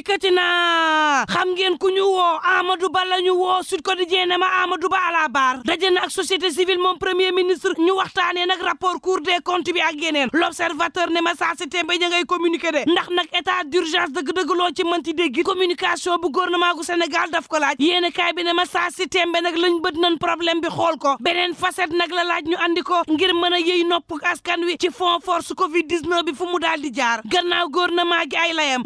yëkkati naa xam ngeen ku ñu woo Amadou Ba la ñu woo Sud Quotidien ne ma Amadou Ba à la barre daje na ak société civile moom premier ministre ñu waxtaanee nag rapport Cour des comptes bi ak yeneen l'observateur ne ma saa si tembe ña ngay communiqué de ndax nag état d'urgence dëgg-dëgg loo ci mënti dégg communication bu gouvernement gu Sénégal daf ko laaj yéen kaay bi ne ma saa si tembe nag lañ bët nañ problème bi xool ko beneen facette nag la laaj ñu andi ko ngir mën a yëy nopp askan wi ci fond force Covid 19 bi fu mu daal di jaar gannaaw gouvernement gi ay layam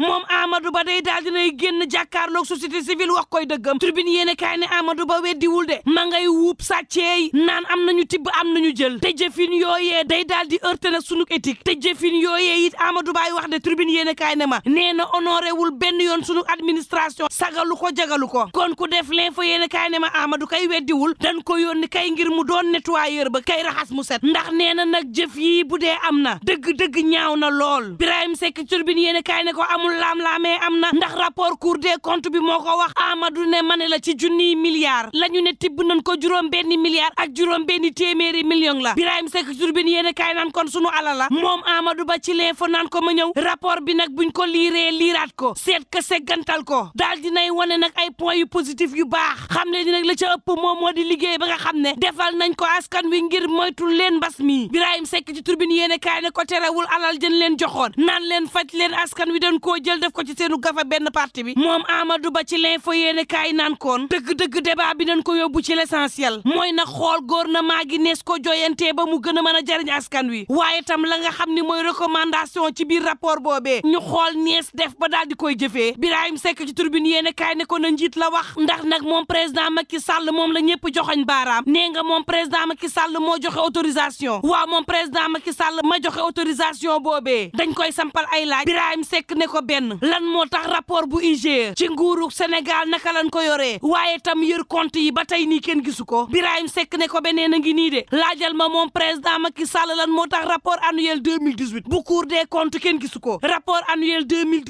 tey daal dinay génn jàkkaarloog société civile wax koy dëggam tribune yéen kaay ne Amadou Ba weddiwul de ma ngay wuub sàcceey naan am nañu tibb am nañu jël te jëfin yooyee day daal di heurté nag sunu éthique te jëfin yooyee it Amadou Ba wax de tribune yéen kaay ne ma nee na honoré wul benn yoon sunu administration sagalu ko jagalu ko kon ku def l'info yéen kaay ne ma Amadou kay weddiwul dañ ko yónni kay ngir mu doon nettoyeur ba kay raxas mu set ndax nee na nag jëf yii bu dee am na dëgg dëgg ñaaw na lool Birahim Seck tribune yéen kaay ko amul am ma ndax rapport cour des kont bi moo ko wax Amadou ne ma la ci junniy milliards la ñu ne tibb nañ ko juróom benni milliards ak juróom benni téeméeri million la Birahim Seck Turbine yéen kaay naan kon sunu ala la moom Amadou Ba ci l'info naan ko ma ñëw rapport bi nag buñ ko liiree liiraat ko seet ka seggantal ko daal nay wane nag ay points yu positif yu baax xam ne nag la ca ëpp moom moo di liggéey ba nga xam ne defal nañ ko askan wi ngir moytul leen mbas mi Birahim Seck ci Turbine yéen kaay ne ko terewul alal jën leen joxoon naan leen faj leen askan wi dañ koo jël def ko ci seenu gafa fa benn parti bi moom Amadou Ba ci l'info yéene kaay naan koon dëgg-dëgg débat bi nañ ko yóbbu ci l'essentiel mooy na xool gouvernement gi nees ko joyantee ba mu gën a mën a jariñ askan wi waaye tam la nga xam ni mooy recommandation ci biir rapport boobe ñu xool nees def ba daal di koy jëfee Birahim Seck ci turbine yéene kaay ne ko na njiit la wax ndax nag moom président Macky Sall moom la ñëpp joxoñ baaraam nee nga moom président Macky Sall moo joxe autorisation waa moom président Macky Sall ma joxe autorisation boobee dañ koy sampal ay laaj Birahim Seck ne ko benn lan moo tax rapport bu IGE ci nguuru Sénégal naka lañ ko yore waaye tam yër compte yi ba tey nii kenn gisu ko Birahim Seck ne ko bene a ngi nii de laajal ma moom président Macky Sall lan moo tax rapport annuel 2018 bu Cour des comptes kenn gisu ko rapport annuel bu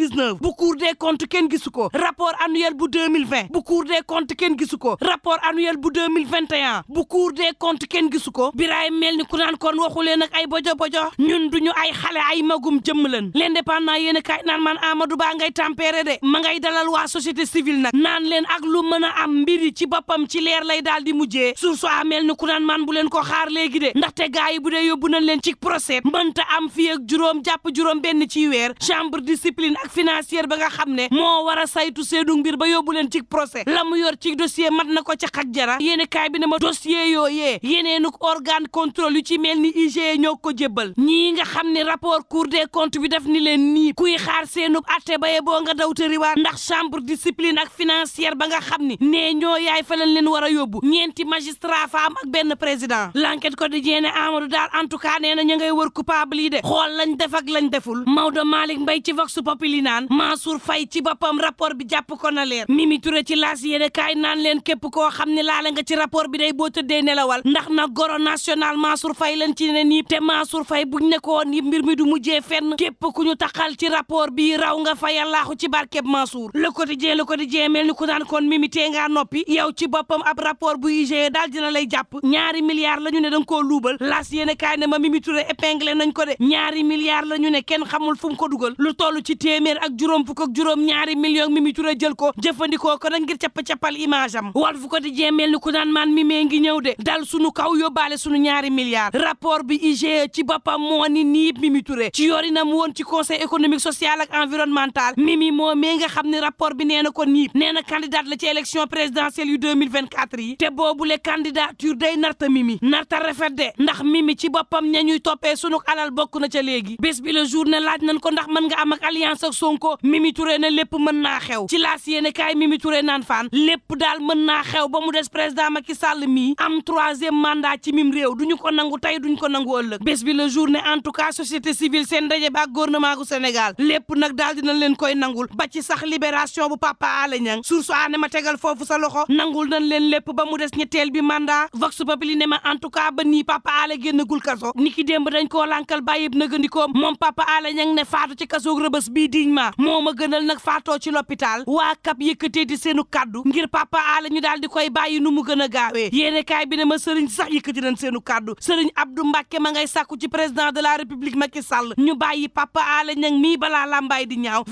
ko rapport annuel bu 2020 bu Cour des comptes kenn gisu ko rapport annuel bu 2021 bu Cour des comptes kenn gisu ko Birahim mel ni ku naan kon waxulee nag ay bojo bojo ñun duñu ay xale ay magum jëmm leen l'indépendant yéen a kaay naan man Amadou Ba ngay géré de ma ngay dalal waa société civile nag naan leen ak lu mën a am mbiri ci boppam ci leer lay daal di mujjee sursu amel ni ku naan man bu leen ko xaar léegi de ndaxte gars yi bu dee yóbbu nañ leen ci procès mënta am fii ak juróom jàpp juróom benn ci weer chambre discipline ak financière ba nga xam ne moo war a saytu seedu mbir ba yóbbu leen ci procès la mu yor ci dossier mat na ko ca xak jara yéeni kaay bi na ma dossier yooyee yeneenuk organe contrôle yu ci mel ni IGE ñoo ko jébbal ñii nga xam ne rapport cour des comptes bi def ni leen nii kuy xaar seenub atte daw tëriwaat ndax chambre discipline ak financière ba nga xam ni nee ñoo yaay fa lañ leen war a yóbbu ñeenti magistrat fa am ak benn président l'enquête ko di jeene Amadou daal en tout cas nee na ñu ngay wër coupable yi de xool lañ def ak lañ deful Maodo Malick Mbaye ci Vox Populi naan Mansour Faye ci boppam rapport bi jàpp ko na leer Mimi Touré ci laas yéene kaay naan leen képp koo xam ne laala nga ci rapport bi day boo tëddee nelawal ndax na goro national Mansour Faye lañ ci ne nii te Mansour Faye buñ mbir mi du mujjee fenn képp ku ñu taxal ci rapport bi raw nga fa yàllaaxu barkeb Mansour le quotidien le quotidien mel ni ku naan kon mimi tee ngaa noppi yow ci boppam ab rapport bu IGE daal dina lay jàpp ñaari milliards la ñu ne danga koo luubal las yéen kaay ne ma mimi Touré épinglé nañ ko de ñaari milliards la ñu ne kenn xamul fu mu ko dugal lu toll ci téeméer ak juróom fukk ak juróom ñaari millions mimi Touré jël ko jëfandikoo ko nag ngir cappa-cappal image am Walf Quotidien mel ni ku naan maan mimee ngi ñëw de dal sunu kaw yóbbaale sunu ñaari milliards rapport bi IGE ci boppam moo ni niib mimi Touré ci yorinam woon ci conseil économique social ak environnemental moomee nga xam ni rapport bi nee na ko niib nee na candidat la ci élection présidentielle yu 2024 yi te boobule candidature day narta mimi narta rafet de ndax mi ci boppam ñañuy toppee sunu alal bokk na ca léegi bés bi le jour ne laaj nañ ko ndax mën nga am ak alliance ak Sonko mimi Touré na lépp mën naa xew ci laas yéene kaay mi Touré naan faan lépp daal mën naa xew ba mu des président Macky Sall mii am troisième mandat ci mi réew duñu ko nangu tey duñu ko nangu ëllëg bés bi le jour en tout cas société civile seen ndaje ba ak gouvernement gu Sénégal lépp nag daal dinañ leen koy nangu nangul ba ci sax libération bu Papa Alé Niang source aane ma tegal foofu sa loxo nangul nañ leen lépp ba mu des ñetteel bi mandat vox populi ne ma en tout cas ba nii Papa Alé génnagul kaso ni ki démb dañ koo lànkal bàyyib nagandikoom moom Papa Alé Niang ne faatu ci kasoog rëbës bii diñ ma moo ma gënal nag faato ci l'hôpital waa kap yëkkatee di seenu kaddu ngir Papa Alé ñu daal di koy bàyyi nu mu gën a gaawee yéene kaay bi ne ma sëriñ sax yëkkati nañ seenu kaddu sëriñ Abdou Mbacke ma ngay sàkku ci président de la république Macky Sall ñu bàyyi Papa Alé Niang mii balaa làmbaay di ñaaw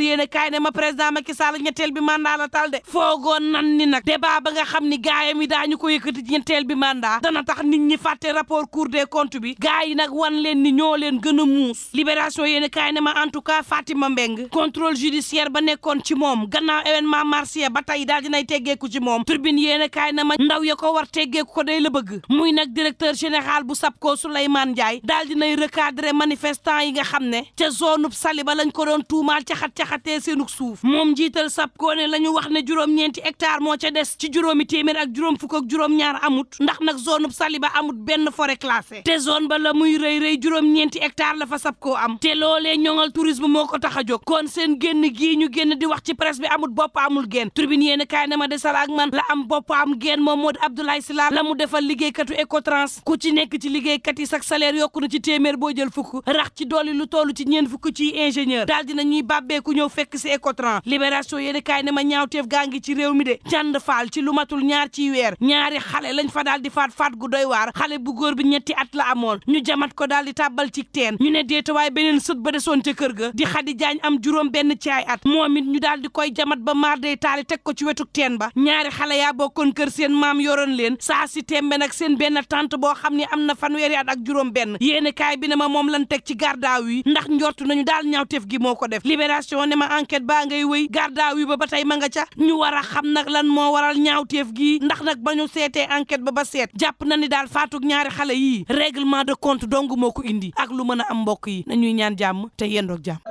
l'observateur yéen a kaay ma président Macky Sall bi mandat la tal de foogoon nan ni nag débat ba nga xam ni gaayam yi daañu ko yëkkati ñetteel bi mandat dana tax nit ñi fàtte rapport cour des comptes bi gaay nag wan ni ñoo leen gën a muus libération yéen a kaay ne ma en tout cas Fatima Mbeng contrôle judiciaire ba nekkoon ci moom gannaaw événement marché ba tey daal dinay teggeeku ci moom turbine yéen a ma ndaw ya war teggeeku ko day la bëgg muy nag directeur général bu yi nga xam ne ca zone Sali ba lañ ko naxatee seenug suuf moom njiital ko ne la ñu wax ne juróom-ñeenti hectare moo ca des ci juróomi téeméer ak juróom fukk ak juróom-ñaar amut ndax nag zone bu Saliba amut benn forêt classée te zone ba la muy rëy rey juróom-ñeenti hectare la fa sab ko am te loole ñoŋal tourisme moo ko tax a jóg kon seen génn gii ñu génn di wax ci presse bi amut bopp amul génn tribune yéen kaay ma desal ak man la am bopp am génn moom moo di Abdoulaye Sylla la mu defal liggéeykatu Ecotrans ku ci nekk ci liggéeykat yi sax salaire yokku na ci téeméer boo jël fukk rax ci dolli lu toll ci ñeen fukk ci ingénieur daal dina ñuy bàbbeeku ñëw fekk si écotran libération yéeni kaay ne ma ñaawteef gaa ngi ci réew mi de jànd faal ci lumatul ñaar ci weer ñaari xale lañ fa daal di faat faat gu doy waar xale bu góor bi ñetti at la amoon ñu jamat ko daal di tàbbal ci teen ñu ne deetawaay beneen sët ba desoon ca kër ga di xadi jaañ am juróom benn ci ay at moom it ñu daal di koy jamat ba maar day taali teg ko ci wetuk teen ba ñaari xale yaa kon kër seen maam yoroon leen saa si tembe nag seen benn tante boo xam ni am na fanweeri at ak juróom benn yéeni kaay bi ne ma moom lan teg ci garda yi ndax njortu nañu daal ñaawteef gi moo ko def libération ne ma enquête baa ngay woy gardaaw yi ba ba tey ma nga ca ñu war a xam nag lan moo waral ñaawteef gi ndax nag ba ñu seetee enquête ba ba seet jàpp na ni daal faatug ñaari xale yi règlement de compte dong moo ko indi ak lu mën a am mbokk yi ñuy ñaan jàmm te yendoog jàmm